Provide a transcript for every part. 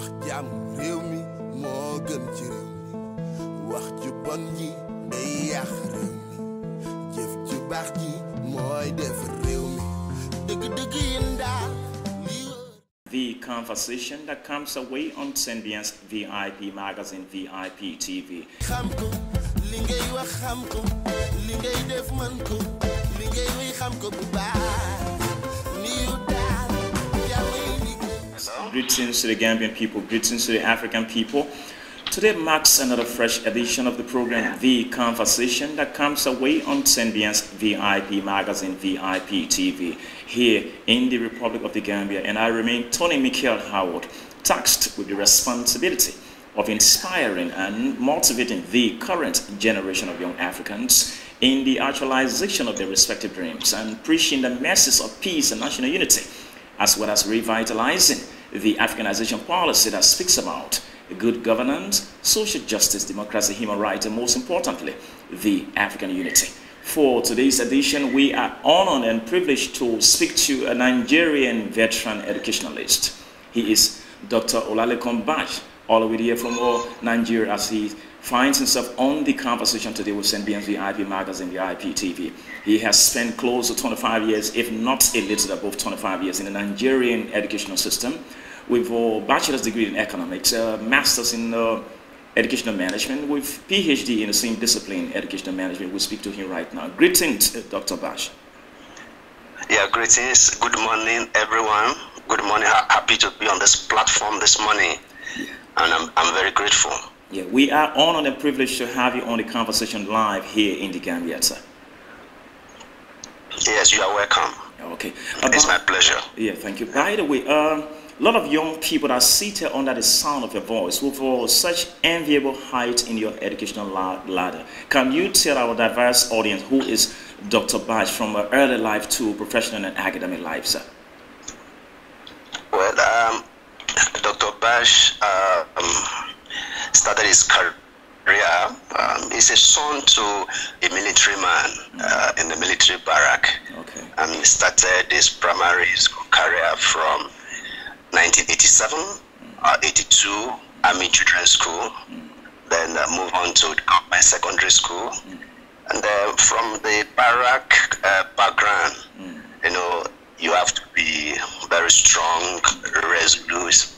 wax mi gën ci mi wax ju bon day mi jëf ju baax ji mooy def mi dëgg dëgg The conversation that comes away on Senbiance VIP magazine VIP TV. Greetings to the Gambian people. Greetings to the African people. Today marks another fresh edition of the program, The Conversation, that comes away on Senbian's VIP magazine, VIP TV, here in the Republic of the Gambia. And I remain Tony Michael Howard, tasked with the responsibility of inspiring and motivating the current generation of young Africans in the actualization of their respective dreams and preaching the message of peace and national unity, as well as revitalizing the Africanization policy that speaks about good governance, social justice, democracy, human rights, and most importantly, the African unity. For today's edition, we are honored and privileged to speak to a Nigerian veteran educationalist. He is Dr. Olalekan Bash, all the way here from Nigeria, as he finds himself on the conversation today with NBN's VIP magazine, VIP TV. He has spent close to 25 years, if not a little above 25 years, in the Nigerian educational system, with a bachelor's degree in economics, a master's in uh, educational management, with PhD in the same discipline, educational management. we speak to him right now. Greetings, uh, Dr. Bash. Yeah, greetings. Good morning, everyone. Good morning. Happy to be on this platform this morning, yeah. and I'm, I'm very grateful. Yeah, we are honored and privileged to have you on the conversation live here in the Gambia, sir. Yes, you are welcome. Okay. About, it's my pleasure. Yeah, thank you. By the way, um, a lot of young people that are seated under the sound of your voice will for such enviable height in your educational ladder. Can you tell our diverse audience who is Dr. Bash from early life to professional and academic life, sir? Well, um, Dr. Bash uh, um, started his career. Um, he's a son to a military man uh, in the military barrack. Okay. And he started his primary school career from 1987, uh, 82, I'm in children's school. Then I move on to my secondary school. And then from the barrack uh, background, you know, you have to be very strong, resolute,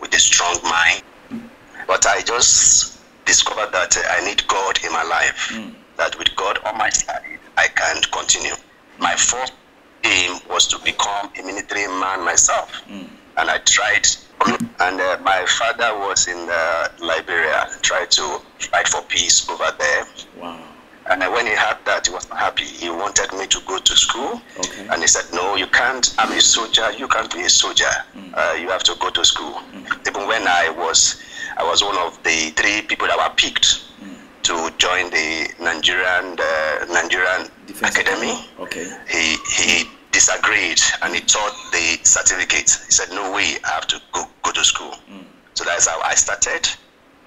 with a strong mind. But I just discovered that I need God in my life. Mm. That with God on my side, I can continue. My first aim was to become a military man myself. Mm and I tried. And uh, my father was in uh, Liberia, tried to fight for peace over there. Wow. And uh, when he heard that, he was not happy. He wanted me to go to school. Okay. And he said, No, you can't. I'm a soldier. You can't be a soldier. Mm. Uh, you have to go to school. Mm. Even when I was, I was one of the three people that were picked mm. to join the Nigerian uh, Nigerian Defense Academy. Okay. He read, and he taught the certificate. He said, "No way, I have to go go to school." Mm. So that's how I started,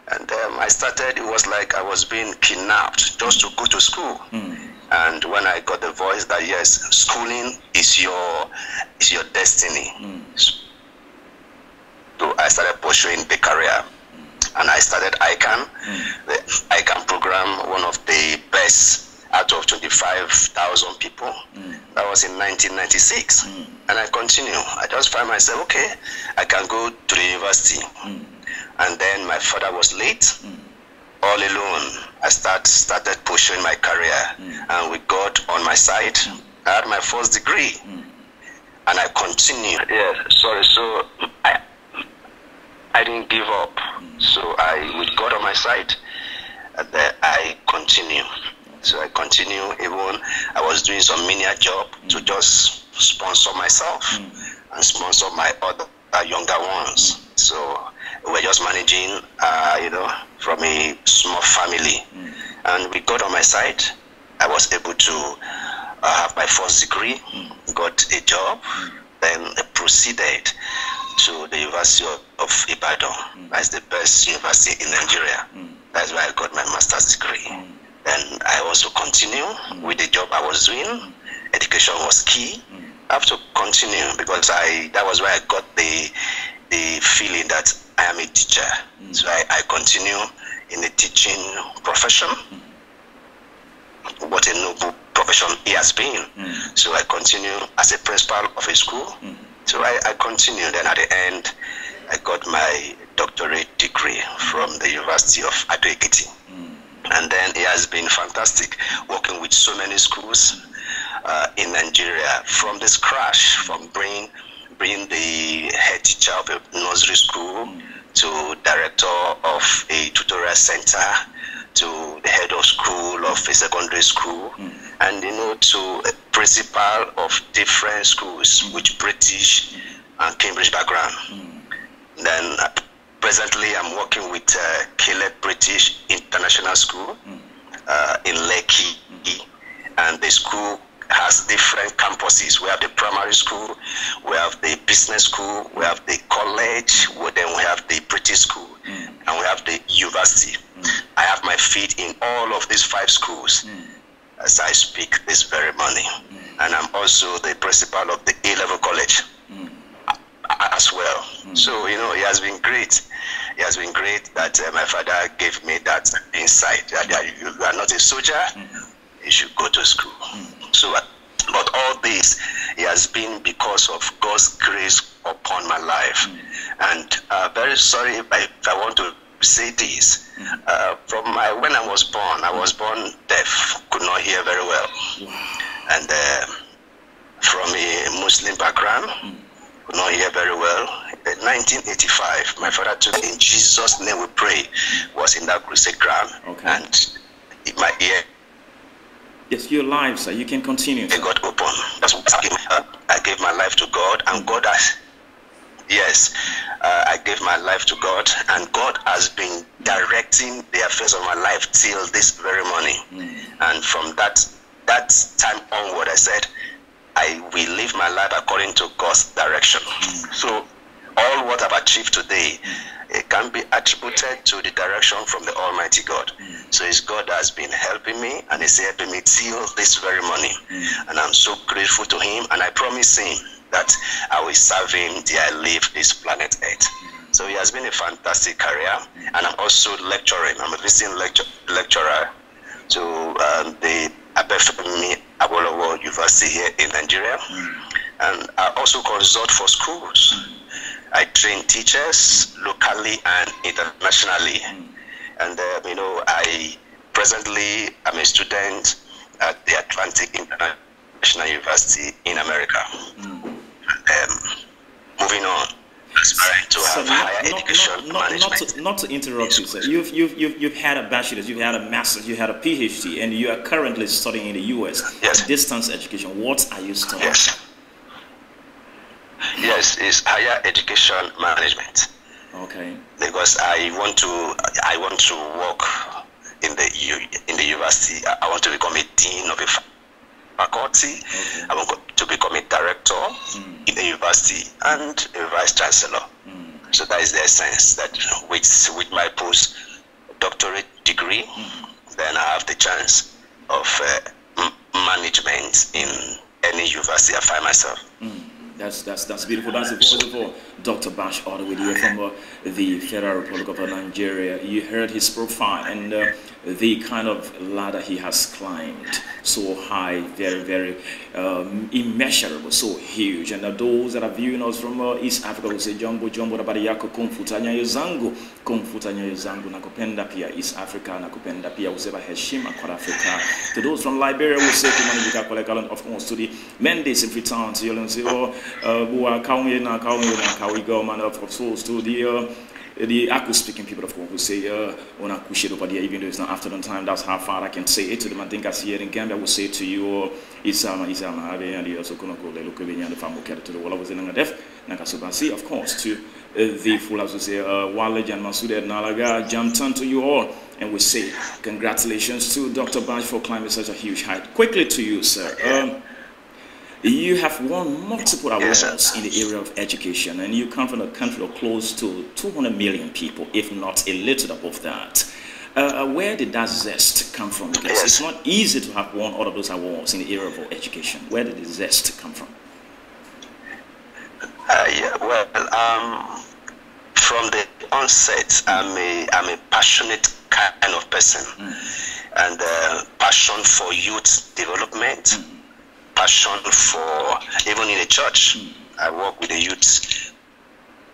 and um, I started. It was like I was being kidnapped just to go to school. Mm. And when I got the voice that yes, schooling is your is your destiny, mm. so I started pursuing the career hmm. and I started ICANN. Mm. The ICANN program, one of the best out of 25,000 people. Mm. That was in 1996. Mm. And I continue. I just find myself, okay, I can go to the university. Mm. And then my father was late. Hmm. All alone, I start, started pushing my career. Hmm. And with God on my side, hmm. I had my first degree. And I continue. Yes, sorry. So I, I didn't give up. So I, with God on my side, I continue. So I continue. Even I was doing some mini job to mm. just sponsor myself mm. and sponsor my other uh, younger ones. Mm. So we're just managing, uh, you know, from a small family. Mm. And we got on my side, I was able to uh, have my first degree, mm. got a job, then I proceeded to the University of, Ibadan as the best university in Nigeria. That's where I got my master's degree. Then I also continue with the job I was doing. Education was key. Mm. I have to continue because I that was where I got the the feeling that I am a teacher. Mm. So I, I continue in the teaching profession. What a noble profession it has been. Mm. So I continue as a principal of a school. So I, I continue. Then at the end, I got my doctorate degree from the University of Ado Ekiti. And then he has been fantastic working with so many schools uh, in Nigeria from this crash, from bringing, bringing the head teacher of a nursery school to director of a tutorial center to the head of school of a secondary school mm. and you know to principal of different schools mm. with british and cambridge background mm. then uh, Presently, I'm working with uh, Caleb British International School uh, in Lekki, and the school has different campuses. We have the primary school, we have the business school, we have the college, then we have the British school, mm. and we have the university. Mm. I have my feet in all of these five schools mm. as I speak this very morning. And I'm also the principal of the A level college as well. Mm. So, you know, it has been great. It has been great that uh, my father gave me that insight that, that you are not a soldier, mm. you should go to school. Mm. So, uh, but all this it has been because of God's grace upon my life. And uh, very sorry if I, if I want to say this. Uh, from my, when I was born, I was born deaf, could not hear very well. And uh, from a Muslim background, know here very well. In 1985, my father took in Jesus' name we pray, was in that crusade ground. Okay. And in my ear. Yes, you're sir. You can continue. It got open. That's what I, gave my, I gave my life to God, and God has. Yes, uh, I gave my life to God, and God has been directing the affairs of my life till this very morning. Mm. And from that that time onward, I said, I will live my life according to God's direction. So all what I've achieved today it can be attributed to the direction from the Almighty God. So it's God that has been helping me and He's helping me till this very morning. And I'm so grateful to him and I promise him that I will serve him till I leave this planet Earth. So it has been a fantastic career and I'm also lecturing. I'm a visiting lecture, lecturer to um, the Abefemi Awolowo University here in Nigeria. Mm. And I also consult for schools. Hmm. I train teachers locally and internationally. Hmm. And, uh, you know, I presently am a student at the Atlantic International University in America. Mm. Um, moving on aspiring to so have not, higher not, education not, Not to, not to interrupt you, sir. You've, you've, you've, you've had a bachelor's, you've had a master's, you had a PhD, and you are currently studying in the U.S. Yes. Distance education. What are you studying? Yes. Yes, it's higher education management. Okay. Because I want to, I want to work in the in the university. I want to become a dean of a faculty. I will to become a director mm. in the university and a vice chancellor. Mm. So that is the essence that with with my post doctorate degree, mm. then I have the chance of uh, management in any university I find myself. Hmm. That's, that's, that's beautiful. That's beautiful. Dr. Bash all the way here from uh, the Federal Republic of Nigeria. You heard his profile, and uh, the kind of ladder he has climbed so high very very um, immeasurable so huge and those that are viewing us from uh, east africa will say jumbo, jumbo. habari yako kumfuta nyayo zangu kumfuta nyayo zangu nakupenda pia east africa nakupenda pia usema heshima kwa Africa. to those from liberia will say kumanijika kwa lekalan of course to the mendes in freetown to yolon say oh uh, buwa kaunye na kaunye na kawigo man of course to the uh, Eh, the Aku speaking people of course will say, uh, on Akushi even though it's not afternoon time, that's how far I can say it to them. I think I see here in Gambia will say to you, Isama, Isama, Abe, and the Osokono, the Lukovini, and the Famu To the Walla was in Nangadef, Nakasubansi, of course, to eh, the full as we say, uh, Wale, Jan Masude, Nalaga, jump turn to you all. And we say, congratulations to Dr. Bash for climbing such a huge height. Quickly to you, sir. Um, you have won multiple awards yes, in the area of education, and you come from a country of close to 200 million people, if not a little above that. Uh, uh where did that zest come from? Because yes. it's not easy to have won all of those awards in the area of education. Where did the zest come from? Uh, yeah, well, um, from the onset, I'm a, I'm a passionate kind of person, mm. and uh, passion for youth development. Mm passion for even in the church. I work with the youth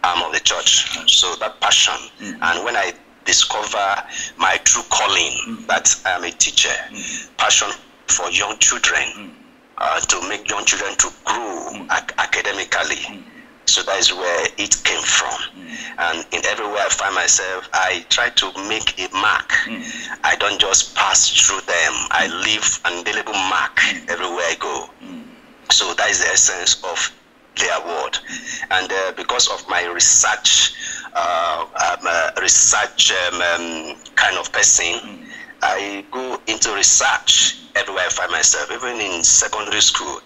arm of the church, so that passion. And when I discover my true calling, that I am a teacher, passion for young children, uh, to make young children to grow ac- academically so that is where it came from. Mm. And in everywhere I find myself, I try to make a mark. Mm. I don't just pass through them. I mm. leave an indelible mark mm. everywhere I go. Mm. So that is the essence of their word. Mm. And uh, because of my research, uh, I'm a research um, um, kind of person. I go into research everywhere I find myself, even in secondary school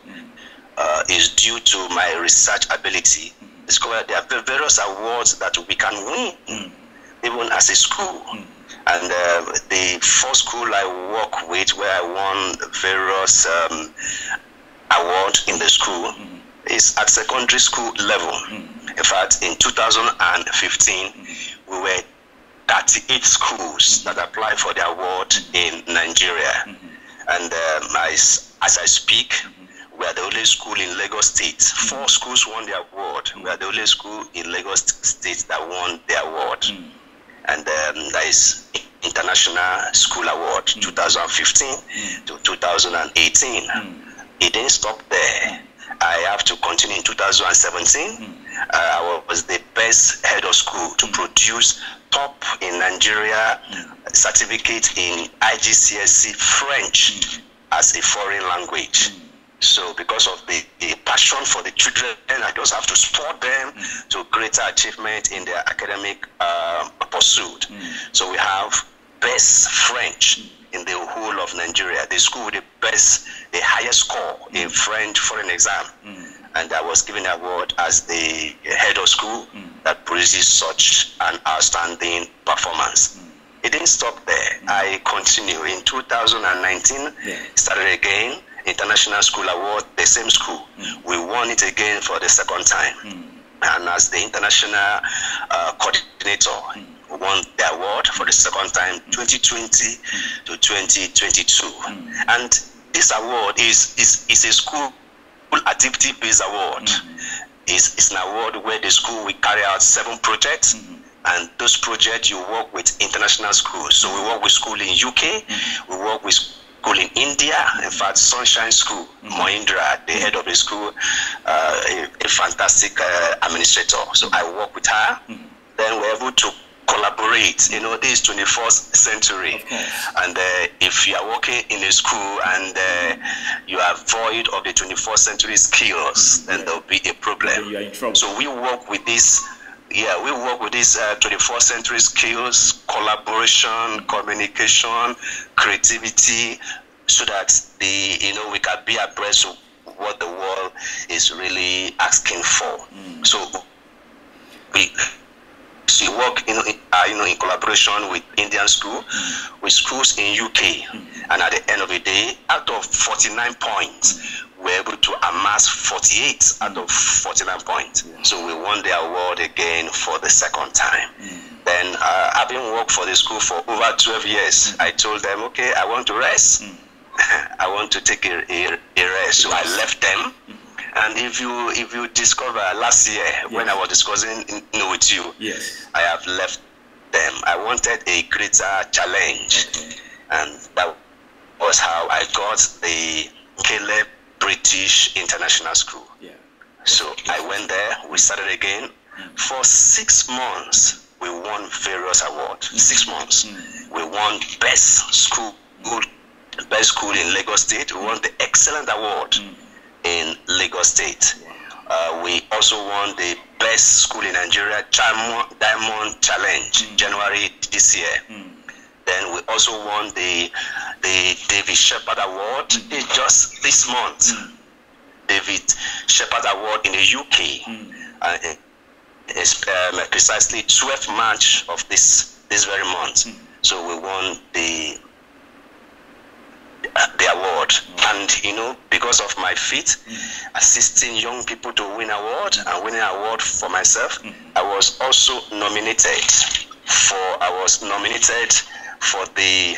uh, is due to my research ability. Mm. Discover there are various awards that we can win, mm. even as a school. Mm. And uh, the first school I work with, where I won various um, awards in the school, is at secondary school level. In fact, in 2015, we were 38 schools that applied for the award in Nigeria. Mm-hmm. And um, as, as I speak, mm-hmm. We are the only school in Lagos State. Four schools won their award. We are the only school in Lagos State that won the award. Mm. And um, that is International School Award hmm. 2015 hmm. to 2018. Hmm. It didn't stop there. I have to continue in 2017. Mm. Uh, I was the best head of school to mm. produce top in Nigeria mm. certificate in IGCSE French as a foreign language. So because of the, the passion for the children, I just have to support them mm. to greater achievement in their academic uh, pursuit. Mm. So we have best French in the whole of Nigeria. The school with the best, the highest score mm. in French for an exam. Mm. And I was given an award as the head of school mm. that produces such an outstanding performance. Mm. It didn't stop there. Mm. I continued in 2019, yeah. started again International School Award, the same school. Mm. We won it again for the second time. Mm. And as the international uh, coordinator, hmm. won the award for the second time 2020 hmm. hmm. to 2022 and this award is is, is a school activity based award is it's an award where the school will carry out seven projects mm and those projects you work with international schools so we work with school in uk mm-hmm. we work with school in India, in fact, Sunshine School, mm-hmm. Mohindra, the head of the school, uh, a, a, fantastic uh, administrator. So I work with her. Mm-hmm. Then we're able to collaborate. You know, this 21st century. And uh, if you are working in a school and uh, you are void of the 21st century skills, mm-hmm. then there'll be a problem. So, so we work with this yeah, we work with these uh, 21st century skills, collaboration, communication, creativity, so that the you know we can be abreast of what the world is really asking for. Mm. So we we work in, uh, you know in collaboration with Indian school, mm. with schools in UK, mm. and at the end of the day, out of 49 points, hmm. we're able last 48 out of 49 points. Yeah. So we won the award again for the second time. Then hmm. Then, uh, having worked for the school for over 12 years, hmm. I told them, okay, I want to rest. Hmm. I want to take a, a, a rest. So I left them. And if you if you discover last year yes. when I was discussing you know, with you, yes, I have left them. I wanted a greater challenge, okay. and that was how I got the Caleb British International School. Yeah. So I went there, we started again. For six months, we won various awards. Six mm. months. Mm. We won best school, best school in Lagos State. We won the excellent award mm. in Lagos State. Uh, we also won the best school in Nigeria, Diamond Challenge, January this year. Then we also won the the David Shepherd Award mm. just this month. Mm. David Shepherd Award in the UK, mm. uh, it's um, precisely 12th March of this this very month. Mm. So we won the uh, the award, hmm. and you know because of my feet, hmm. assisting young people to win award and winning award for myself, hmm. I was also nominated. For I was nominated for the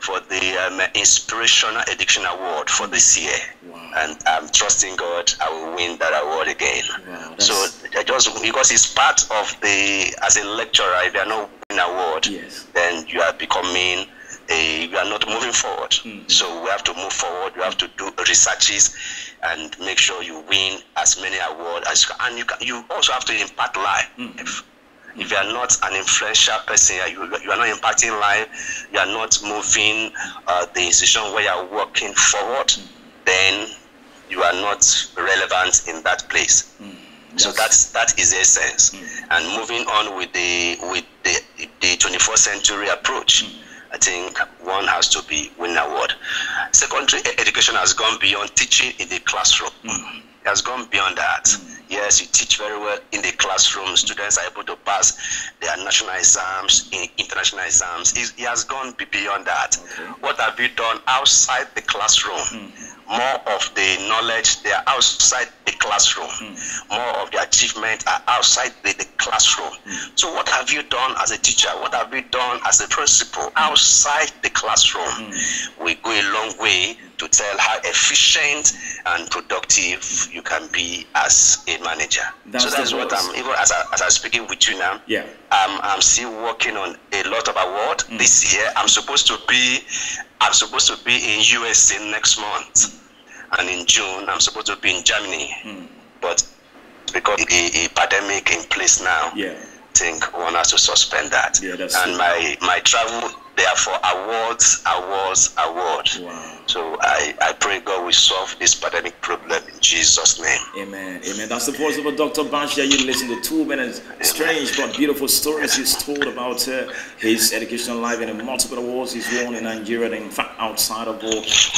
for the um, Inspirational Addiction Award for this year. Wow. And I'm trusting God I will win that award again. Wow, so just because it's part of the as a lecturer, if you are not winning award, yes. then you are becoming a, you are not moving forward. Mm-hmm. So we have to move forward. You have to do researches and make sure you win as many awards as you can. And you, can, you also have to impact life. Mm-hmm. if you are not an influential person, you, you are not impacting life, you are not moving uh, the institution where you are working forward, then you are not relevant in that place. Mm, yes. So that's that is the essence. Mm. And moving on with the with the the 21st century approach. Mm. I think one has to be winning award. Secondary e-, education has gone beyond teaching in the classroom. Mm. has gone beyond that. Yes, you teach very well in the classroom. Students are able to pass their national exams, international exams. He has gone beyond that. What have you done outside the classroom? Hmm. More of the knowledge they are outside the classroom. Hmm. More of the achievement are outside the, the classroom. Hmm. So what have you done as a teacher? What have you done as a principal outside the classroom? We go a long way to tell how efficient and productive you can be as a manager. That's so that's what I'm even as, I, as I'm speaking with you now. Yeah, I'm, I'm still working on a lot of award mm. this year. I'm supposed to be I'm supposed to be in USA next month, mm. and in June I'm supposed to be in Germany. Mm. But because a, a pandemic in place now, yeah, I think one has to suspend that. Yeah, that's and true. my my travel therefore awards, awards, award. Wow. So I, I pray God will solve this pandemic problem in Jesus' name. Amen. Amen. That's the voice of a Dr. Bashia. You listen to two minutes strange but beautiful stories he's told about uh, his educational life and the multiple awards he's won in Nigeria and in fact outside of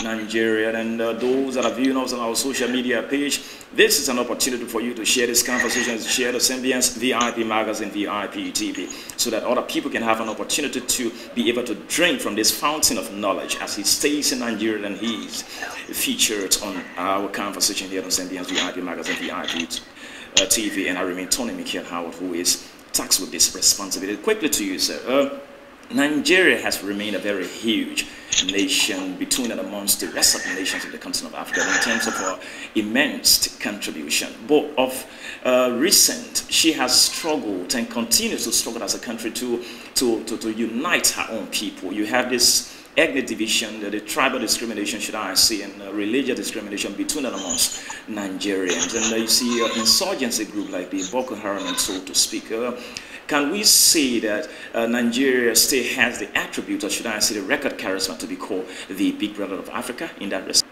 Nigeria. And uh, those that are viewing us on our social media page, this is an opportunity for you to share this conversation, share the Symbiance VIP magazine, VIP TV, so that other people can have an opportunity to be able to drink from this fountain of knowledge as he stays in Nigeria and he's featured on our conversation here on Zambians VIP Magazine, VIP uh, TV, and I remain Tony Michael Howard, who is taxed with this responsibility. Quickly to you, sir. Uh, Nigeria has remained a very huge nation between and amongst the rest of the nations of the continent of Africa in terms of her immense contribution. But of uh, recent, she has struggled and continues to struggle as a country to, to, to, to unite her own people. You have this ethnic division, the, the tribal discrimination, should I say, and uh, religious discrimination between and amongst Nigerians. And uh, you see uh, insurgency group like the Boko Haram, and so to speak. Uh, can we say that uh, Nigeria still has the attribute, or should I say, the record charisma to be called the big brother of Africa in that respect?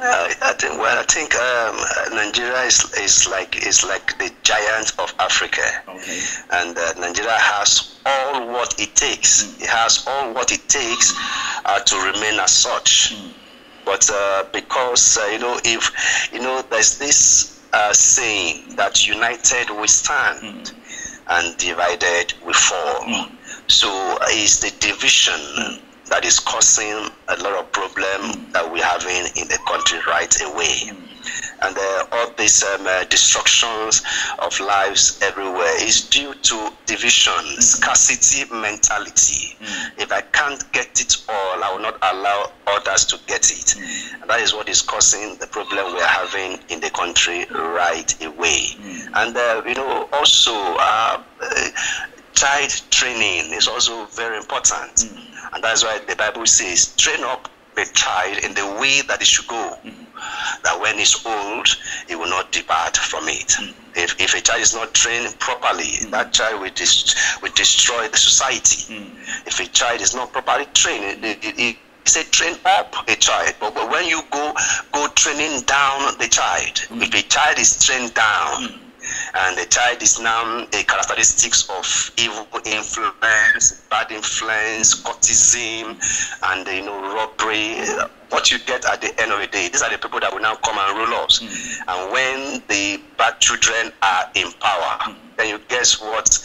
I think, well, I think um, Nigeria is, is like is like the giant of Africa, okay. and uh, Nigeria has all what it takes. Mm. It has all what it takes uh, to remain as such. Mm. But uh, because uh, you know, if you know, there's this uh, saying that united we stand, mm. and divided we fall. Mm. So it's the division mm. that is causing a lot of problem that we're having in the country right away. And uh, all these um, uh, destructions of lives everywhere is due to division, mm. scarcity mentality. Mm. If I can't get it all, I will not allow others to get it. Mm. And that is what is causing the problem we are having in the country right away. Mm. And, uh, you know, also, uh, child training is also very important. Mm. And that's why the Bible says, train up a child in the way that he should go, mm. that when he's old, he will not depart from it. Mm. If, if a child is not trained properly, mm. that child will, dis- will destroy the society. Mm. If a child is not properly trained, it, it, it, say train up a child but, but when you go go training down the child mm. if a child is trained down and the child is now the characteristics of evil influence, bad influence, cultism, and you know robbery. What you get at the end of the day, these are the people that will now come and rule us. Mm. And when the bad children are in power, mm. then you guess what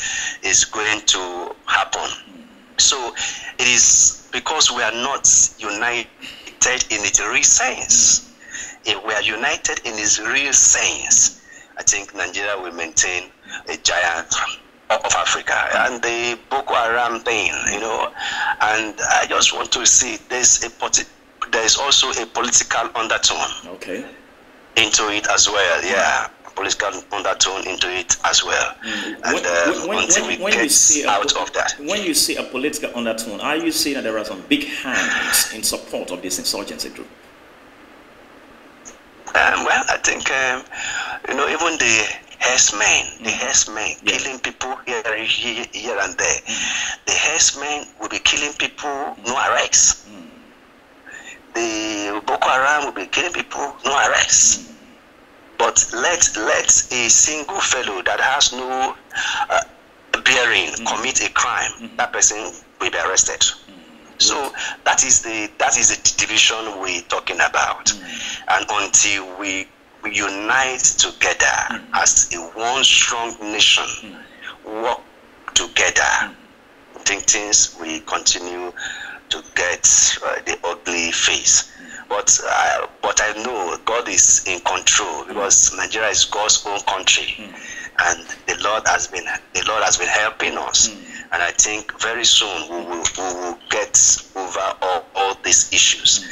is going to happen. Hmm. So it is because we are not united in its real sense. Hmm. If we are united in its real sense, I think Nigeria will maintain a giant of Africa and the Boko Haram thing, you know. And I just want to see there's a there is also a political undertone. Okay. Into it as well, yeah. Political undertone into it as well. Mm. And when, um, when, until when, we get out a, of that. When you see a political undertone, are you saying that there are some big hands in support of this insurgency group? Um, well, I think um, you know even the herdsmen, the mm-hmm. herdsmen yeah. killing people here, here, here and there. Mm. The herdsmen will be killing people, no arrest. Mm. The Boko Haram will be killing people, no arrest. Mm. But let let a single fellow that has no uh, bearing commit a crime, that person will be arrested. So that is the that is the division we're talking about. Mm. And until we, we unite together mm. as a one strong nation, mm. work together, I mm. think things we continue to get uh, the ugly face. Mm. But uh, but I know God is in control mm. because Nigeria is God's own country. and the Lord has been the Lord has been helping us. Mm. And I think very soon we will, we will get over all, all these issues,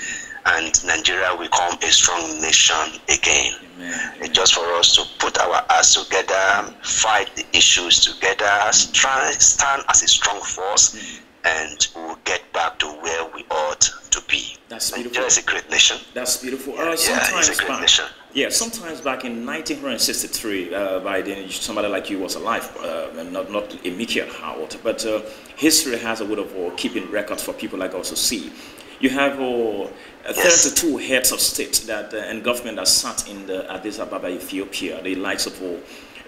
mm. and Nigeria will become a strong nation again. Amen. It's just for us to put our ass together, fight the issues together, stand, hmm. stand as a strong force, mm and we'll get back to where we ought to be. That's beautiful. Nigeria is a great nation. That's beautiful. Uh, yeah, it's a great back, nation. Yeah, sometimes back in 1963, uh, by then somebody like you was alive, uh, not not Emikia Howard, but uh, history has a way of uh, keeping records for people like us to see. You have uh, 32 yes. heads of state that uh, and government that sat in the Addis Ababa, Ethiopia, the likes of uh,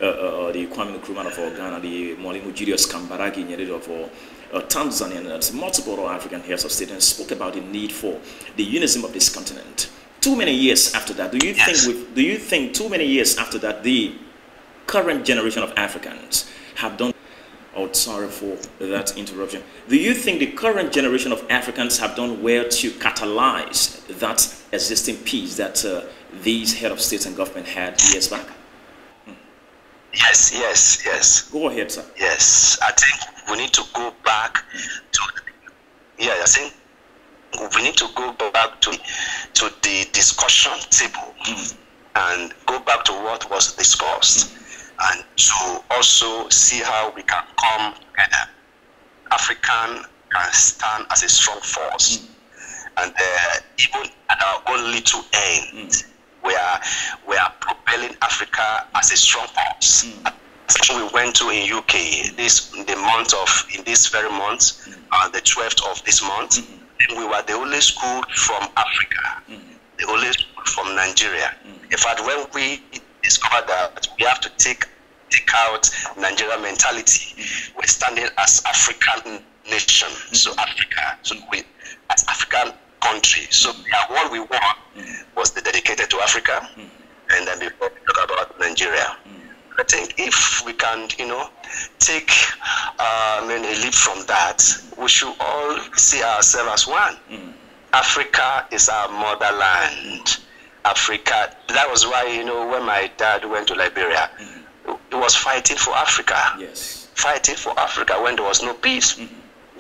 uh, uh the Kwame Nkrumah of Ghana, the Mwalimu Julius Kambarage Nyerere of uh, Tanzanian and multiple African heads of state and spoke about the need for the unison of this continent. Too many years after that, do you yes. think? do you think too many years after that the current generation of Africans have done? Oh, sorry for that interruption. Do you think the current generation of Africans have done well to catalyze that existing peace that uh, these head of state and government had years back? Hmm. Yes, yes, yes. Go ahead, sir. Yes, I think we need to go back to yeah, I think we need to go back to to the discussion table mm. and go back to what was discussed mm. and to also see how we can come together. African can stand as a strong force. Mm. And uh, even at our own little end, we are we are propelling Africa as a strong force we went to in UK this the month of in this very month, mm-hmm. uh, the 12th of this month, mm -hmm. we were the only school from Africa, mm -hmm. the only school from Nigeria. Mm -hmm. In fact, when we discovered that we have to take take out Nigeria mentality, mm-hmm. we're standing as African nation, so mm-hmm. Africa, so we as African country. So yeah, what we want was dedicated to Africa, and then we talk about Nigeria. I think if we can, you know, take um, a leap from that, we should all see ourselves as one. Mm. Africa is our motherland. Africa. That was why, you know, when my dad went to Liberia, mm he was fighting for Africa. Yes. Fighting for Africa when there was no peace. mm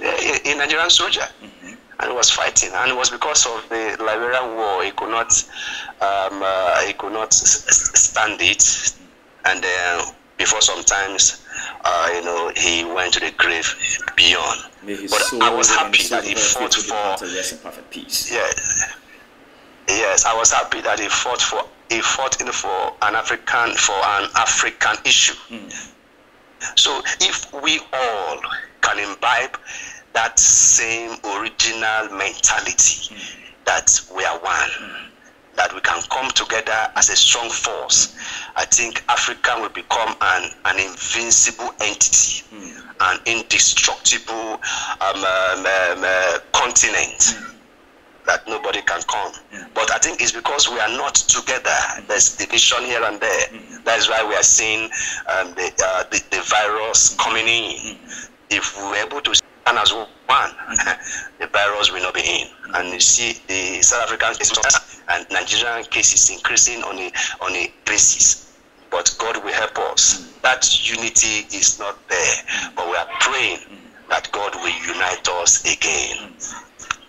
A, eh, eh, a Nigerian soldier. mm And he was fighting. And it was because of the Liberian war, he could not, um, uh, he could not stand it, and then before sometimes, uh, you know, he went to the grave beyond. But I was happy that he fought for. Yes, perfect peace. Yeah, yes, I was happy that he fought for. He fought in for an African for an African issue. Mm. So if we all can imbibe that same original mentality mm. that we are one, mm. that we can come together as a strong force hmm. I think Africa will become an, an invincible entity, mm. an indestructible um, um, um, uh, continent. Mm. That nobody can come, yeah. Hmm. but I think it's because we are not together. Hmm. There's division here and there. Mm. That's why we are seeing um, the, uh, the, the virus hmm. coming in. If we're able to and as one, the virus will not be in. And you see the South African cases and Nigerian cases increasing on a on a basis. But God will help us. That unity is not there, but we are praying that God will unite us again.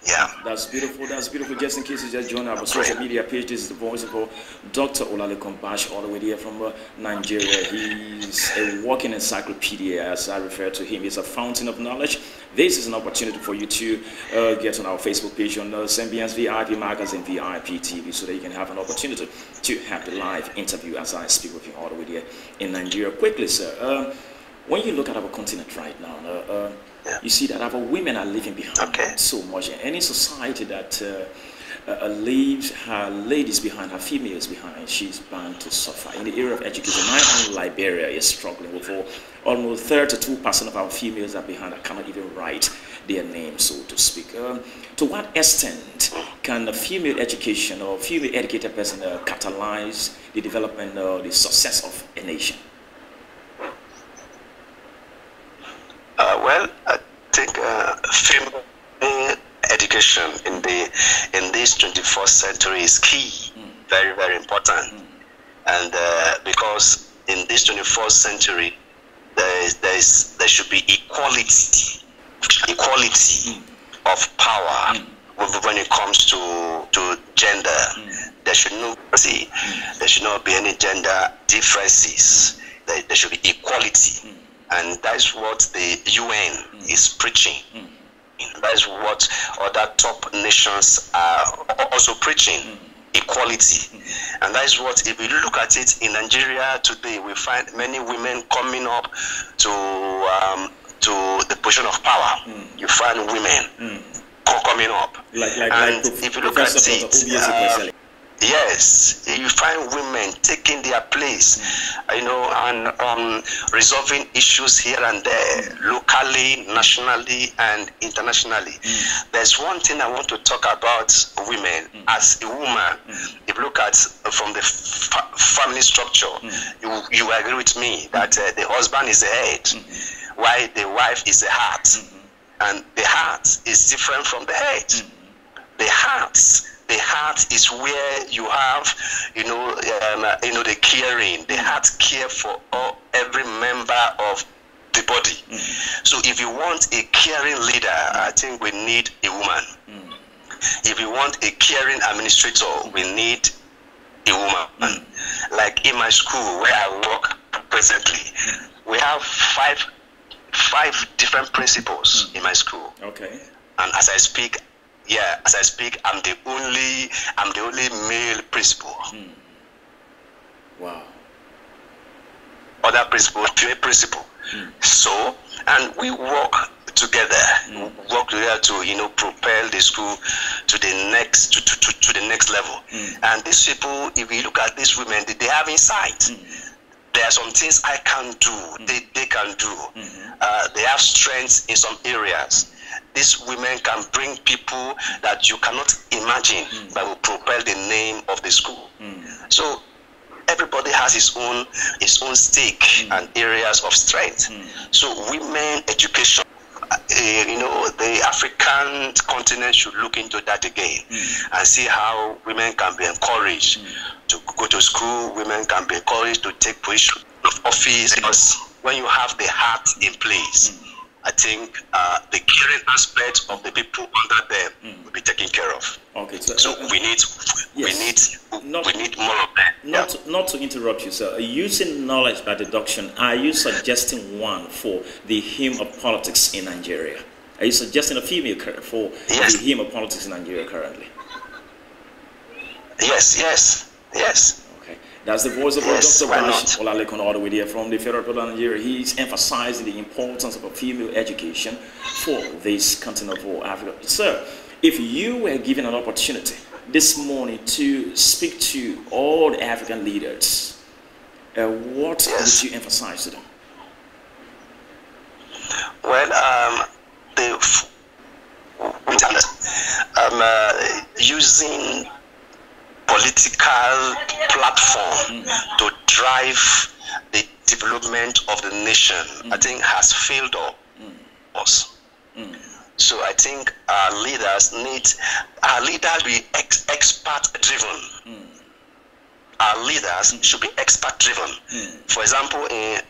Yeah. That's beautiful. That's beautiful. Just in case you just joined our social media page, this is the voice of Dr. Olale Kompash, all the way there from uh, Nigeria. He's a walking encyclopedia, as I refer to him. He's a fountain of knowledge. This is an opportunity for you to uh, get on our Facebook page on uh, Sembians VIP Magazine, VIP TV, so that you can have an opportunity to have the live interview as I speak with you all the way there in Nigeria. Quickly, sir, uh, when you look at our continent right now, uh, uh, yeah. You see that our women are leaving behind okay. so much. Any society that uh, uh, leaves her ladies behind, her females behind, she's bound to suffer. In the area of education, my own Liberia is struggling with all, almost 32% of our females are behind I cannot even write their name, so to speak. Um, to what extent can the female education or female educated person uh, catalyze the development or the success of a nation? Uh, well, I think uh, female uh, education in the in this 21st century is key, mm. very very important, mm. and because in this 21st century there is there is there should be equality equality mm. of power hmm. when it comes to to gender. Mm. There should no be hmm. there should not be any gender differences. Mm. There, there should be equality. Mm. and that's what the UN hmm. is preaching. Hmm. That's what other top nations are also preaching hmm. equality. And that is what, if we look at it in Nigeria today, we find many women coming up to um, to the position of power. Mm. You find women mm. coming up. Like, like, and like if you look at it. Uh, Yes, you find women taking their place, you know, and um, resolving issues here and there, locally, nationally, and internationally. Mm. There's one thing I want to talk about women mm. as a woman. Mm. If you look at from the fa family structure, mm. you, you agree with me that uh, the husband is the head, mm-hmm. while the wife is the heart, mm-hmm. and the heart is different from the head. Mm-hmm. The hearts. The heart is where you have, you know, um, uh, you know the caring. The heart care for all, every member of the body. Mm. So if you want a caring leader, I think we need a woman. Mm. If you want a caring administrator, we need a woman. Mm. Like in my school where I work presently, mm. we have five five different principals mm. in my school. Okay. And as I speak, yeah, as I speak, I'm the only I'm the only male principal. Hmm. Wow. Other principal, female principal. Hmm. So, and we work together, hmm. work together to you know propel the school to the next to, to, to, to the next level. Hmm. And these people, if you look at these women, they, they have insight. Hmm. There are some things I can do, they, they can do. -hmm. Uh, they have strengths in some areas these women can bring people that you cannot imagine mm. that will propel the name of the school. Mm. So everybody has his own his own stake mm. and areas of strength. Hmm. So women education uh, you know, the African continent should look into that again mm. and see how women can be encouraged mm. to go to school, women can be encouraged to take position of office. Because when you have the heart in place, mm. I think uh, the caring aspect of the people under them mm. will be taken care of. Okay, so, so uh, we need we need not, we need more of that. Not yeah. not to interrupt you, sir. Using knowledge by deduction, are you suggesting one for the hymn of politics in Nigeria? Are you suggesting a female for yes. the hymn of politics in Nigeria currently? Yes, yes, yes. That's the voice of yes, Dr. Bash Olalekan there from the Federal Parliament here. He's emphasizing the importance of a female education for this continent of Africa. Sir, if you were given an opportunity this morning to speak to all the African leaders, uh, what yes. would you emphasize to them? Well, um, the, um, uh, using political platform to drive the development of the nation, I think has failed us. So I think our leaders need our leaders be ex- expert driven. Our leaders should be expert driven. For example, in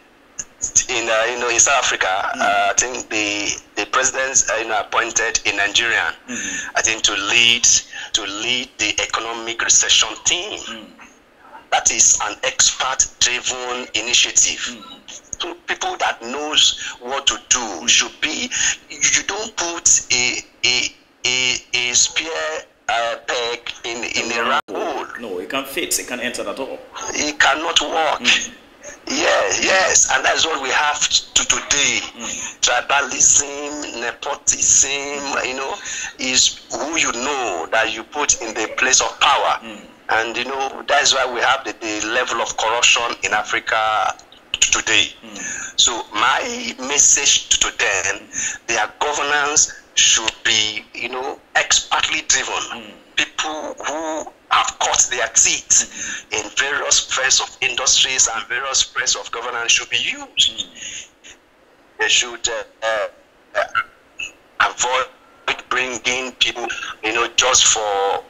in uh, you know in South Africa, mm. uh, I think the the presidents uh, you know appointed a Nigerian, mm. I think to lead to lead the economic recession team. Mm. That is an expert-driven initiative. Mm. So people that knows what to do should be. You don't put a a a, a spear uh, peg in in a round hole. No, it can't fit. It can't enter at all. It cannot work. Mm. Yes, yes, and that's what we have to today. Mm. Tribalism, nepotism, you know, is who you know that you put in the place of power. Mm. And, you know, that's why we have the, the level of corruption in Africa today. Mm. So, my message to them, their governance should be, you know, expertly driven. Hmm. People who have cut their teeth in various spheres of industries and various spheres of governance should be used. They should uh, uh, avoid bringing people, you know, just for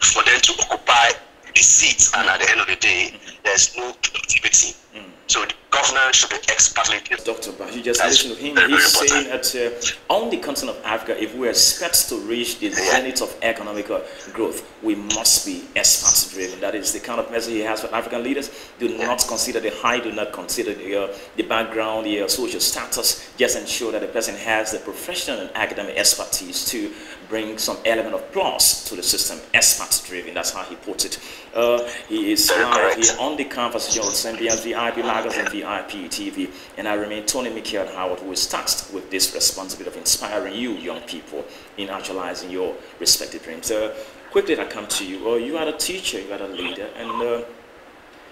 for them to occupy the seats. And at the end of the day, there's no productivity. Mm. So the governor should be expertly. Dr. Bah, you just That's listen to him. He's saying that uh, on the continent of Africa, if we are expect to reach the zenith of economic uh, growth, we must be expert driven. That is the kind of message he has for African leaders. Do yeah. not consider the high, do not consider the, uh, the background, the uh, social status. Just ensure that the person has the professional and academic expertise to bring some element of plus to the system, expert driven, that's how he puts it. Uh, he is live here on the campus of Sembian VIP Magazine, VIP TV, and I remain Tony Michael Howard, who is tasked with this responsibility of inspiring you, young people, in actualizing your respective dreams. Uh, quickly, I come to you. Uh, you are a teacher, you are a leader, and uh,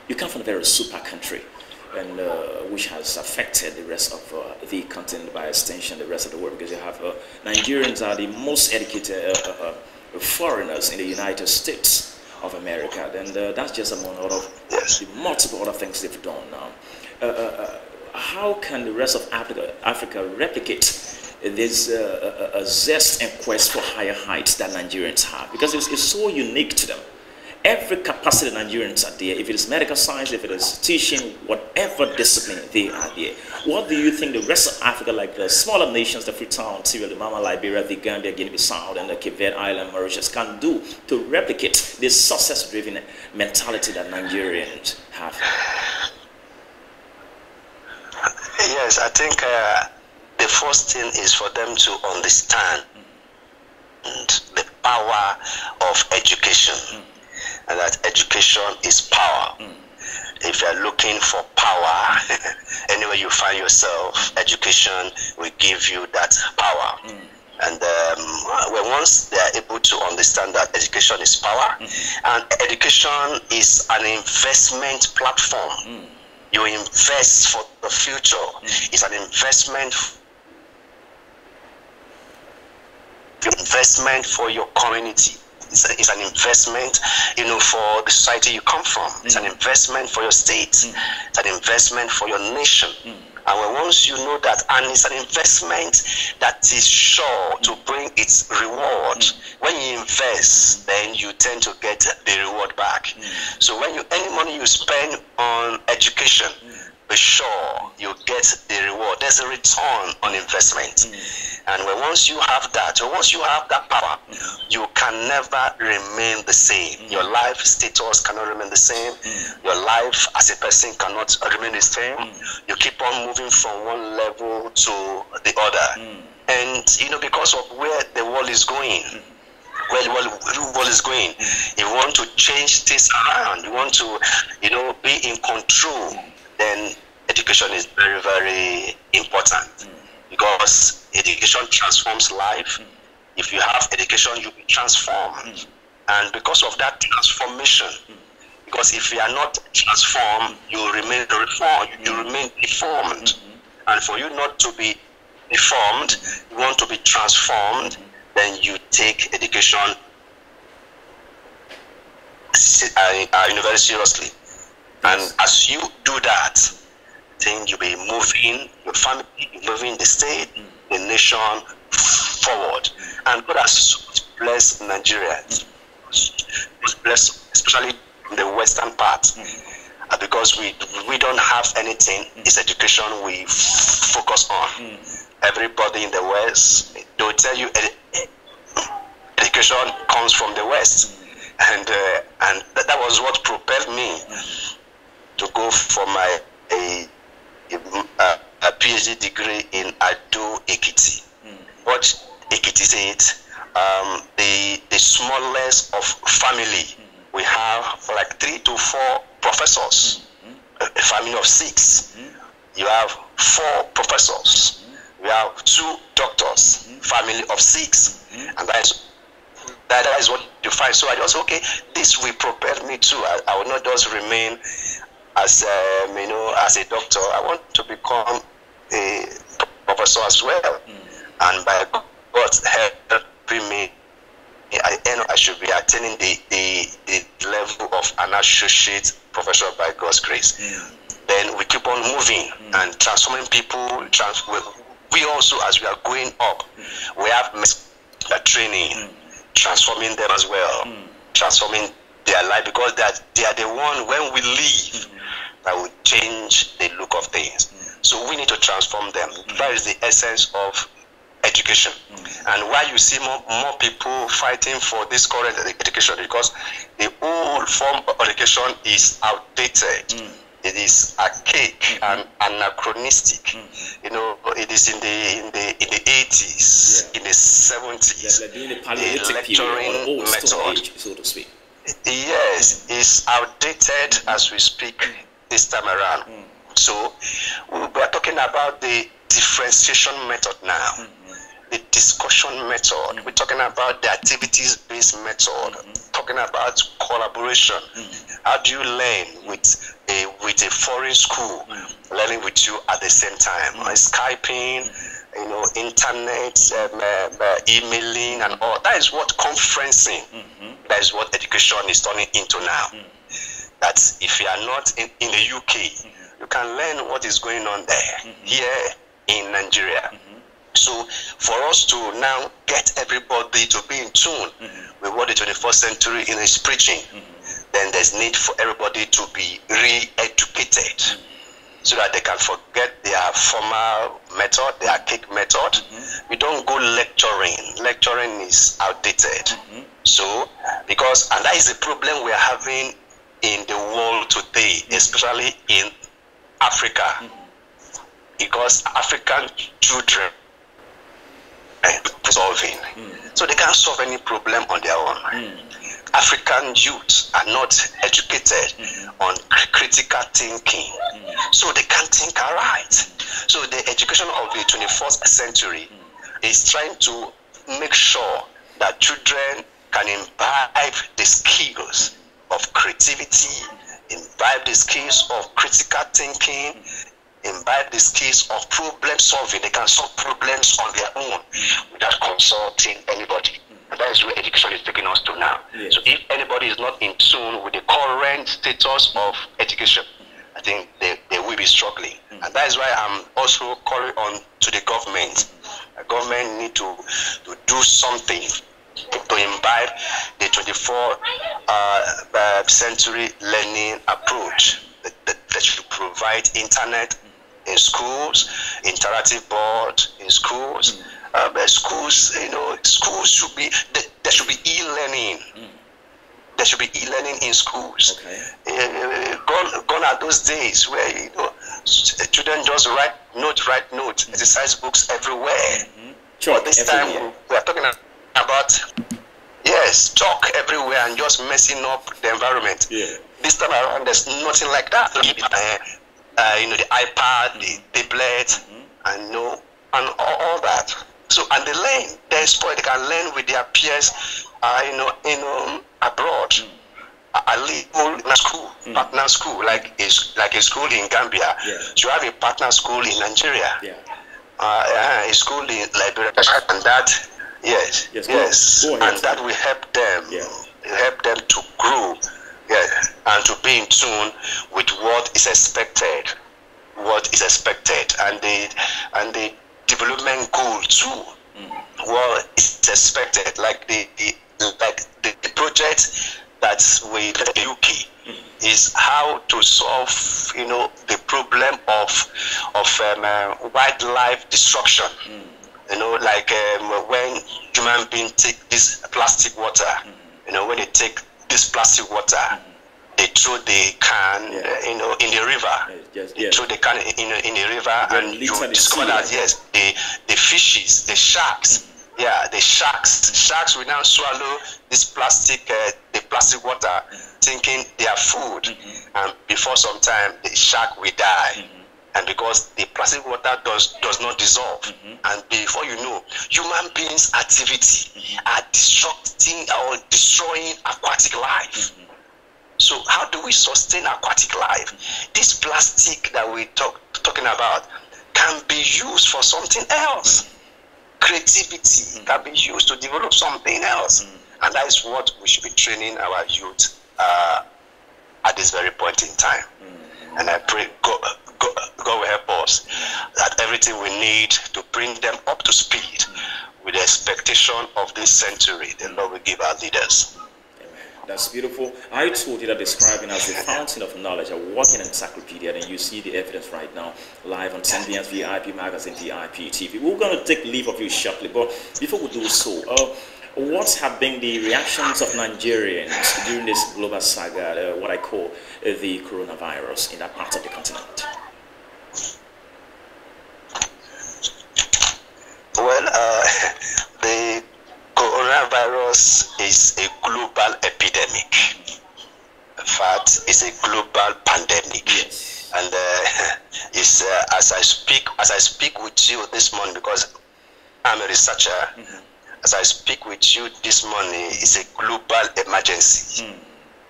you come from a very super country and uh, which has affected the rest of uh, the continent by extension, the rest of the world, because you have uh, Nigerians are the most educated uh, uh, uh, foreigners in the United States of America, and that's just among all of the multiple other things they've done now. how can the rest of Africa, Africa replicate this zest and quest for higher heights that Nigerians have? Because it's, it's so unique to them every capacity Nigerians are there. If it is medical science, if it is teaching, whatever discipline they are there. What do you think the rest of Africa, like the smaller nations, the Freetown, Sierra Leone, Liberia, the Gambia, Guinea-Bissau, and the Cape Island, Mauritius, can do to replicate this success-driven mentality that Nigerians have? Yes, I think uh, the first thing is for them to understand mm. the power of education. Mm and that education is power. Mm. If you're looking for power, anywhere you find yourself, education will give you that power. Mm. And um, when once they are able to understand that education is power, mm. and education is an investment platform. Mm. You invest for the future. Mm. It's an investment investment for your community. it's, it's, an investment, you know, for the society you come from. It's an mm. investment for your state. Mm. It's an investment for your nation. Mm. And once you know that, and it's an investment that is sure to bring its reward. Mm. When you invest, then you tend to get the reward back. Mm. So when you any money you spend on education, be sure you get the reward. There's a return on investment. Mm. And when once you have that, or once you have that power, mm. you can never remain the same. Mm. Your life status cannot remain the same. Mm. Your life as a person cannot remain the same. Mm. You keep on moving from one level to the other. Mm. And, you know, because of where the world is going, where the world, world is going, you want to change this around. You want to, you know, be in control then education is very, very important mm. because education transforms life. Mm. If you have education, you transform. Mm. And because of that transformation, mm. because if you are not transformed, you remain reformed, you mm. remain deformed. mm And for you not to be deformed, mm-hmm. you want to be transformed, mm-hmm. then you take education uh, uh, very seriously. And as you do that, then you'll be moving your family, moving the state, the nation forward. And God has blessed Nigeria, blessed especially the western part, uh, because we we don't have anything. It's education we focus on. Everybody in the West, they'll tell you education comes from the West, and uh, and that, that was what propelled me to go for my a, a, a PhD degree in Ado Ekiti. Mm. What Ekiti said, um, the, the smallest of family. Mm. We have like three to four professors, mm a, family of 6 mm You have four professors. mm We have two doctors, hmm. family of 6 hmm. And is that, that is what you find. So I just okay, this will prepare me too. I, I will not just remain as um, you know, as a doctor, I want to become a professor as well. Mm. And by God's helping me, I end I should be attaining the, the, the level of an associate professor by God's grace. Mm. Then we keep on moving mm. and transforming people. Trans- we also, as we are going up, hmm. we have the training, hmm. transforming them as well, hmm. transforming their life because that they are the one when we leave that will change the look of things. Mm. So we need to transform them. Mm. That is the essence of education. Mm. And why you see more, more people fighting for this current education because the old form of education is outdated. Mm. It is archaic mm-hmm. and anachronistic. Mm-hmm. You know, it is in the in the in the eighties, yeah. in the seventies, yeah, like the lecturing method, age, so to speak. Yes, is outdated as we speak this time around. Mm. So we are talking about the differentiation method now, mm the discussion method. mm We're talking about the activities based method, mm talking about collaboration. Mm-hmm. How do you learn with a, with a foreign school mm. learning with you at the same time? mm Skyping you know, internet, um, um, uh, emailing, and all. That is what conferencing, mm-hmm. that is what education is turning into now. Mm-hmm that if you are not in, in the UK, mm-hmm. you can learn what is going on there mm-hmm. here in Nigeria. Mm-hmm. So for us to now get everybody to be in tune mm-hmm. with what the 21st century is preaching, mm-hmm. then there's need for everybody to be re-educated mm-hmm. so that they can forget their formal method, their cake method. Mm-hmm. We don't go lecturing. Lecturing is outdated. Mm-hmm. So, because, and that is the problem we are having in the world today, mm-hmm. especially in Africa, mm-hmm. because African children are solving. Mm. So they can't solve any problem on their own. Mm. African youth are not educated mm. on critical thinking, so they can't think aright. So the education of the 21st century is trying to make sure that children can imbibe the skills of creativity, imbibe the skills of critical thinking, imbibe the skills of problem solving. They can solve problems on their own without consulting anybody. And that is where education is taking us to now. Yes. So if anybody is not in tune with the current status of education, I think they, they will be struggling. Mm-hmm. And that is why I'm also calling on to the government. The government need to, to do something to imbibe the 24th uh, uh, century learning approach that, that, that, should provide internet in schools, interactive board in schools. Mm. Uh, schools, you know, schools should be, there should be e-learning. Mm. There should be e-learning in schools. Okay. Uh, gone, gone are those days where, you know, children just write note, write note, mm. exercise books everywhere. Mm-hmm. Sure, but this everywhere. time we are talking about about yes talk everywhere and just messing up the environment. Yeah. This time around, there's nothing like that. Uh, uh, you know, the iPad, the tablet, mm-hmm. and you know, and all, all, that. So and they learn. They sport. They can learn with their peers. Uh, you know, you um, know, abroad. Mm-hmm. I live in a school, mm partner school, like a, like a school in Gambia. Yeah. So you have a partner school in Nigeria, yeah. uh, a school in Liberia, and that Yes, yes, yes. Go, go and that will help them, yeah. help them to grow, yeah, and to be in tune with what is expected, what is expected, and the and the development goal too. Mm. What is expected, like the, the like the, the project that with the UK mm is how to solve, you know, the problem of of um, uh, wildlife destruction. Mm you know, like um, when human beings take this plastic water, mm-hmm. you know, when they take this plastic water, mm-hmm. they throw the can, yeah. uh, you know, in the river. Yes, yes, they yes. throw the can in, in the river, yeah, and you discover that like yes, the the fishes, the sharks, mm-hmm. yeah, the sharks, sharks will now swallow this plastic, uh, the plastic water, mm. thinking they are food, mm-hmm. and before some time the shark will die. Mm-hmm. and because the plastic water does does not dissolve mm-hmm. and before you know human beings activity mm-hmm. are destructing or destroying aquatic life mm-hmm. so how do we sustain aquatic life this plastic that we talk talking about can be used for something else mm-hmm. creativity mm-hmm. can be used to develop something else mm-hmm. and that is what we should be training our youth uh, at this very point in time and i pray god everything we need to bring them up to speed with the expectation of this century the Lord will give our leaders. That's beautiful. I told you that describing as the fountain of knowledge, a walking encyclopedia, and you see the evidence right now live on 10 Symbians VIP Magazine, VIP TV. We're going to take leave of you shortly, but before we do so, uh, what have been the reactions of Nigerians during this global saga, uh, what I call uh, the coronavirus, in that part of the continent? pandemic. fact, it's a global pandemic. Yes. And uh, it's, uh, as I speak, as I speak with you this morning, because I'm a researcher, mm -hmm. as I speak with you this morning, it's a global emergency. Mm.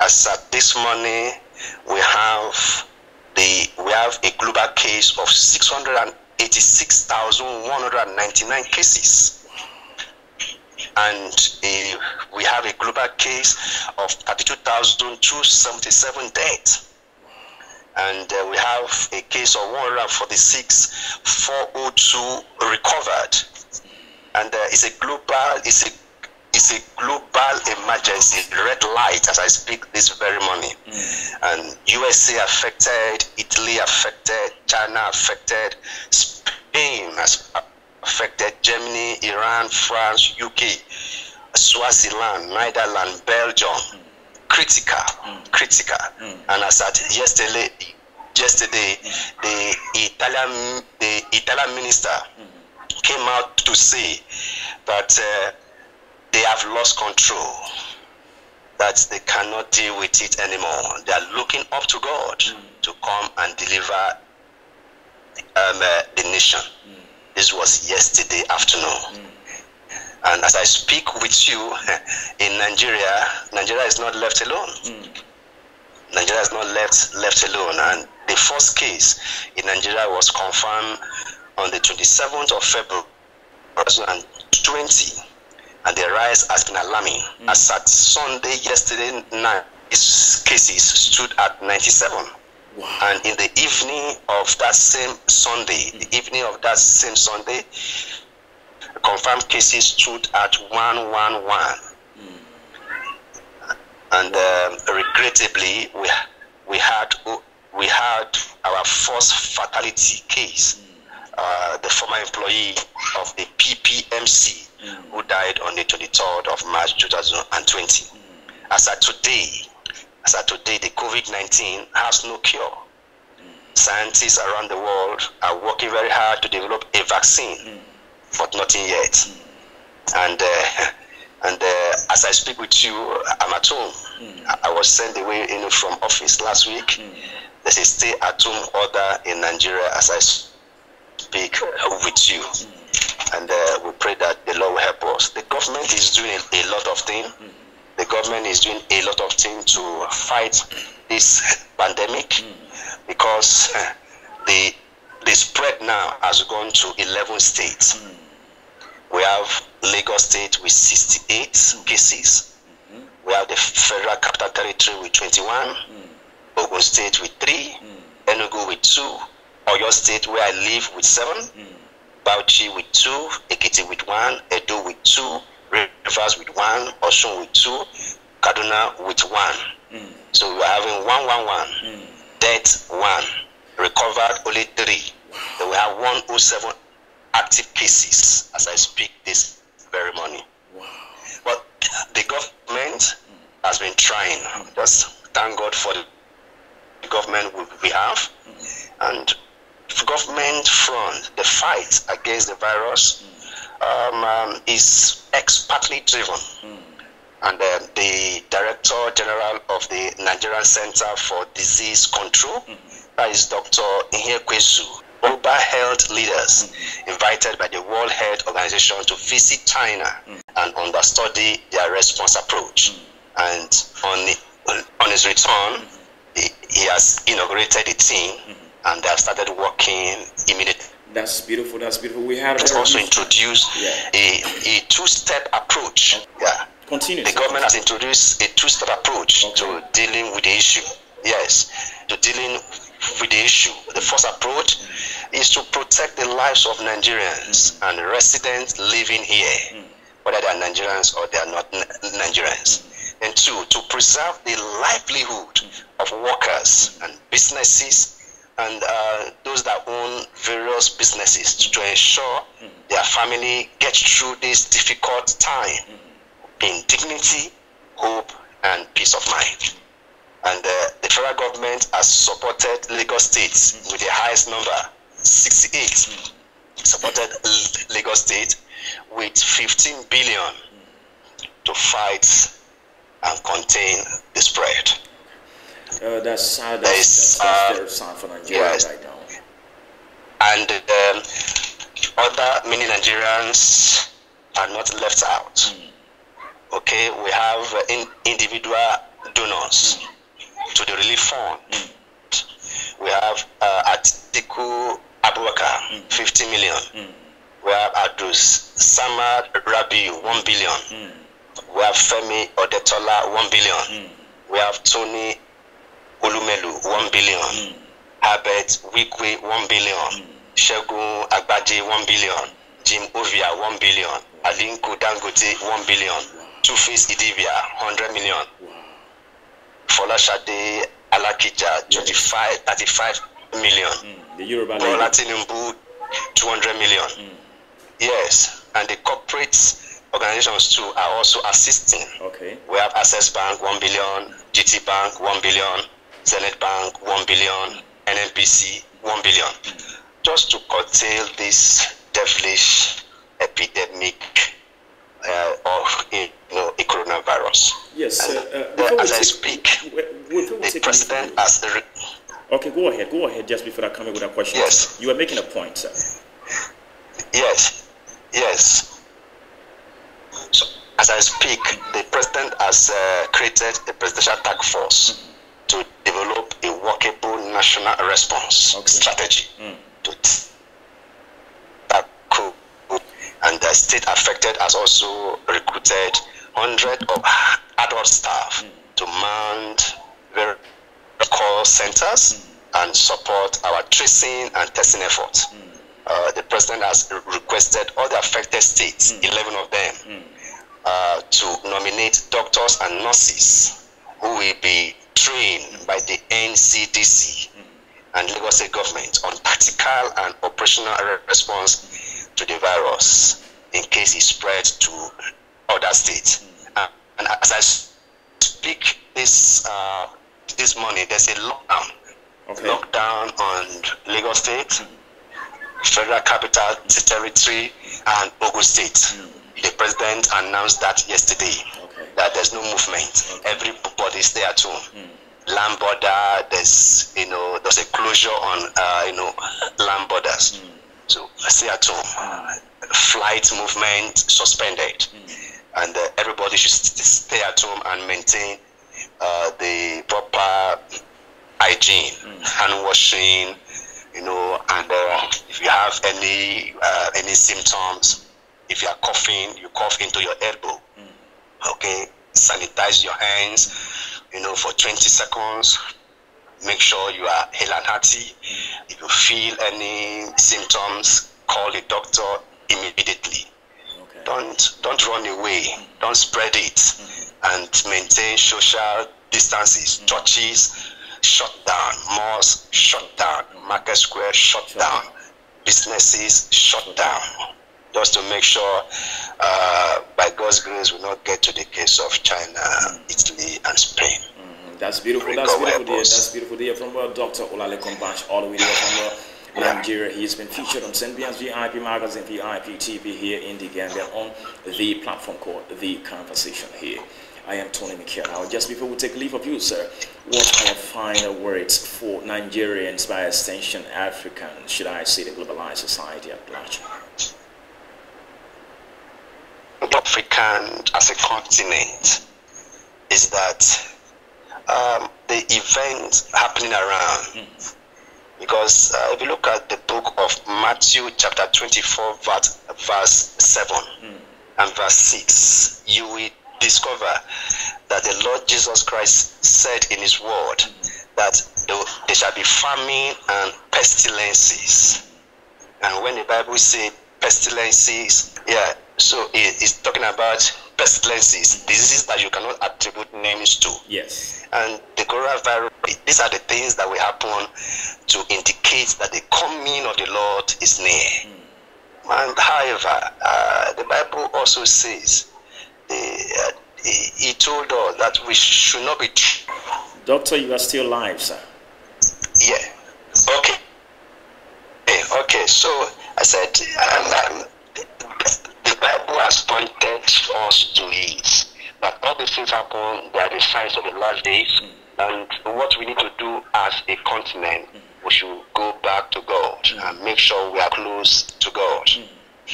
As at this morning, we have the we have a global case of 686,199 cases and uh, we have a global case of 32,277 deaths. And uh, we have a case of 146, 402 recovered. And uh, it's a global, it's a it's a global emergency, red light as I speak this very morning. Mm. And USA affected, Italy affected, China affected, Spain has affected Germany, Iran, France, UK, Swaziland, Netherlands, Belgium. Critical, mm. critical. Mm. And as at yesterday, yesterday, mm. the Italian, the Italian minister came out to say that uh, they have lost control, that they cannot deal with it anymore. They are looking up to God mm. to come and deliver um, uh, the nation. Mm. This was yesterday afternoon. Mm. And as I speak with you in Nigeria, Nigeria is not left alone. Mm. Nigeria is not left left alone. And the first case in Nigeria was confirmed on the 27th of February 2020. And the rise has been alarming. Mm. As at Sunday yesterday night, cases stood at 97. Wow. And in the evening of that same Sunday, the mm. evening of that same Sunday, confirmed cases stood at 111. Mm. And um, regrettably, we, we, had, we had our first fatality case. Mm. Uh, the former employee of the PPMC mm. who died on the 23rd of March 2020. Mm. As at today, as of today, the COVID 19 has no cure. Scientists around the world are working very hard to develop a vaccine, but nothing yet. And uh, and uh, as I speak with you, I'm at home. Mm. I was sent away you know, from office last week. Mm. There's a stay at home order in Nigeria as I speak with you. Mm. And uh, we pray that the Lord will help us. The government is doing a, lot of things the government is doing a lot of things to fight this pandemic because the the spread now has gone to 11 states. We have Lagos State with 68 cases. We have the Federal Capital Territory with 21, Ogun State with 3, Enugu with 2, Oyo State where I live with 7, Bauchi with 2, Ekiti with 1, Edo with 2, Rivers with one, Osun with two, Kaduna with one. Mm. So we are having one, one, one. Mm. Death one. Recovered only three. Wow. we have 107 active cases as I speak this very morning. Wow. But the government mm. has been trying. Hmm. Just thank God for the government we have. Hmm. And government front, the fight against the virus hmm. um, um, is expertly driven. Mm. And uh, the Director General of the Nigerian Center for Disease Control, mm. that is Dr. Ihekwesu, global health leaders mm. invited by the World Health Organization to visit China mm. and understudy their response approach. Mm. And on, the, on his return, hmm. he, he, has inaugurated the team hmm. and they have started working immediately that's beautiful. That's beautiful. We had it also introduced yeah. a, a two-step approach. Okay. Yeah. Continue. The government has introduced a two-step approach okay. to dealing with the issue. Yes, to dealing with the issue. The first approach mm. is to protect the lives of Nigerians mm. and residents living here, mm. whether they are Nigerians or they are not Nigerians. Mm. And two, to preserve the livelihood mm. of workers mm. and businesses and uh, those that own various businesses to ensure their family get through this difficult time mm-hmm. in dignity, hope, and peace of mind. And uh, the federal government has supported Lagos State mm-hmm. with the highest number, 68, mm-hmm. supported Lagos State with 15 billion to fight and contain the spread. Uh, that's sad. That is, that's, that's sad for Nigeria yes. right now. And um, other many Nigerians are not left out. Mm. Okay, we have uh, in, individual donors mm. to the relief fund. Mm. We have uh, Atiku Abubakar, 50 hmm. million. Hmm. We have Adus Samad Rabiu, 1 billion. Hmm. We have Femi Odetola, 1 billion. We have Tony olumelu one billion mm. herbert wikwe one billion mm. segun agbaje one billion jim ovia one billion alinko dangote one billion Two Face idibia hundred million fọláṣadé alákìjà twenty five thirty five million hmm. bọ́lá tinubu two hundred million hmm. yes and the corporate organizations too are also assisting. Okay. We have Access Bank, one billion, GT Bank, one billion, Zenit Bank, 1 billion, NNPC, 1 billion, just to curtail this devilish epidemic uh, of you know, a coronavirus. Yes, and, uh, as I speak, the president has. The okay, go ahead, go ahead, just before I come in with a question. Yes. You are making a point, sir. Yes, yes. So, as I speak, the president has uh, created a presidential task force. Mm -hmm to develop a workable national response okay. strategy mm. to tackle. And the state affected has also recruited hundreds of adult staff mm. to man their call centers mm. and support our tracing and testing efforts. Mm. Uh, the president has requested all the affected states, mm. 11 of them, mm. uh, to nominate doctors and nurses who will be trained by the NCDC and Lagos State government on tactical and operational response to the virus in case it spreads to other states. And, and as I speak this uh, this morning, there's a lockdown. Okay. Lockdown on Lagos State, Federal Capital Territory, and Ogun State. Mm The president announced that yesterday that there's no movement. Okay. Everybody stay at home. Mm. Land border, there's you know there's a closure on uh, you know land borders. Mm. So stay at home. Flight movement suspended, mm. and uh, everybody should stay at home and maintain uh, the proper hygiene, hmm. hand washing. You know, and uh, if you have any uh, any symptoms, if you are coughing, you cough into your elbow Okay, sanitize your hands, you know, for 20 seconds. Make sure you are hale and hearty. If you feel any symptoms, call the doctor immediately. Okay. Don't don't run away. Don't spread it, mm-hmm. and maintain social distances. Mm-hmm. Churches shut down, malls shut down, market square shut, down. businesses shut, down just to make sure, uh, by God's grace, we not get to the case of China, Italy, and Spain. Mm -hmm. That's beautiful. That's beautiful, dear. That's beautiful, dear. From uh, Dr. Olale Kombash, all the way from uh, Nigeria. He's been featured on Symbian's VIP magazine, VIP TV here in the Gambia on the platform called The Conversation here. I am Tony Now, Just before we take leave of you, sir, what are your final words for Nigerians, by extension Africans, should I say the globalized society at large? African as a continent is that um, the events happening around. Because uh, if you look at the book of Matthew, chapter 24, verse, verse 7 and verse 6, you will discover that the Lord Jesus Christ said in his word that there shall be famine and pestilences. And when the Bible says pestilences, yeah, so it's talking about pestilences, diseases that you cannot attribute names to. Yes. And the coronavirus, these are the things that will happen to indicate that the coming of the Lord is near. Mm. And however, uh, the Bible also says, uh, he told us that we should not be. Doctor, you are still alive, sir. Yeah. Okay. Okay. So I said, I'm, um, I'm um, Bible has pointed us to it. That all these things happen, they are the signs of the last days. And what we need to do as a continent, we should go back to God and make sure we are close to God.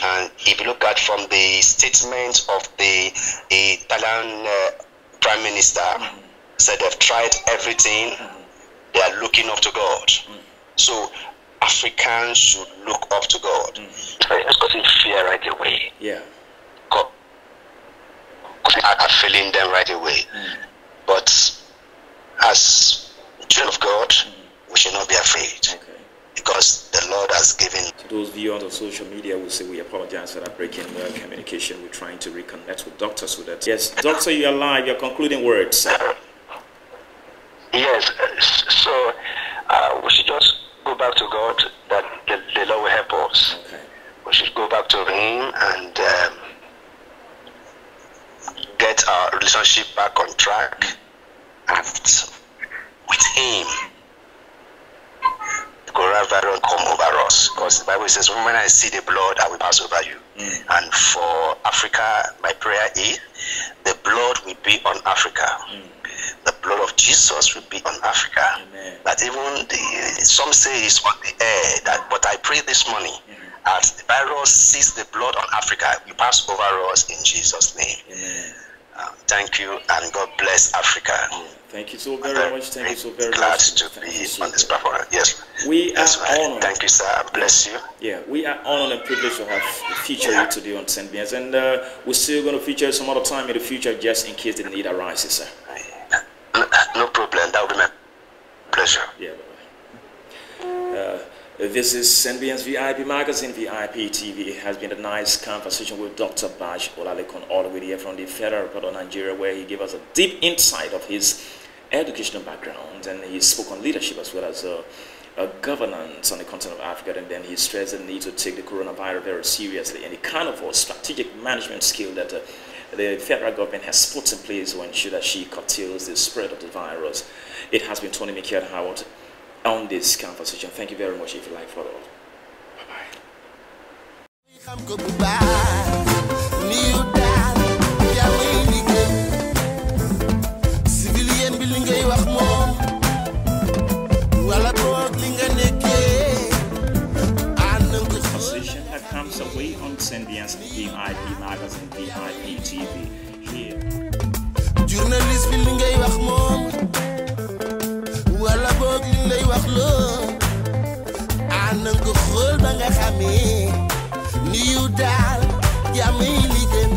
And if you look at from the statement of the Italian uh, Prime Minister, said they've tried everything, they are looking up to God. So Africans should look up to God. Mm. It's causing fear right away. Yeah. God I'm feeling them right away. Mm. But as children of God, mm. we should not be afraid. Okay. Because the Lord has given. To those viewers on social media will say we apologize for that breaking uh, communication. We're trying to reconnect with doctors so that. Yes, doctor, you're live. Your concluding words. Yes. Uh, so uh, we should just go back to God that the, the Lord will help us. Okay. We should go back to Him and um, get our relationship back on track and with Him. The coronavirus come over us because the Bible says, "When I see the blood, I will pass over you." Mm. And for Africa, my prayer is, the blood will be on Africa. Mm the blood of Jesus will be on Africa. Amen. That even the, some say it's on the air. That, but I pray this morning Amen. as the virus sees the blood on Africa, you pass over us in Jesus' name. Amen. Um, thank you and God bless Africa. Thank you so very much. Thank you so very glad much. Glad to be on this platform. Yes. We yes, are honored. Thank you, sir. Bless you. Yeah, we are honored and privileged to have featured yeah. you today on St. Ben's. And uh, we're still going to feature you some other time in the future just in case the need arises, sir. No, no problem. That would be my pleasure. Yeah. Uh, this is NBN's VIP Magazine, VIP TV. It has been a nice conversation with Dr. Bash Olalekon all the way here from the Federal Report of Nigeria, where he gave us a deep insight of his educational background and he spoke on leadership as well as uh, uh, governance on the continent of Africa. And then he stressed the need to take the coronavirus very seriously and the kind of strategic management skill that uh, the federal government has put in place to ensure that she curtails the spread of the virus. It has been Tony Michael Howard on this conversation. Thank you very much if you like follow up. Bye-bye. comes away on Sendians VIP magazine VIP journaliste bi li ngay wax moom wala boog li lay wax loo ànd nga xool ba nga xamee ni daal yaa liggéey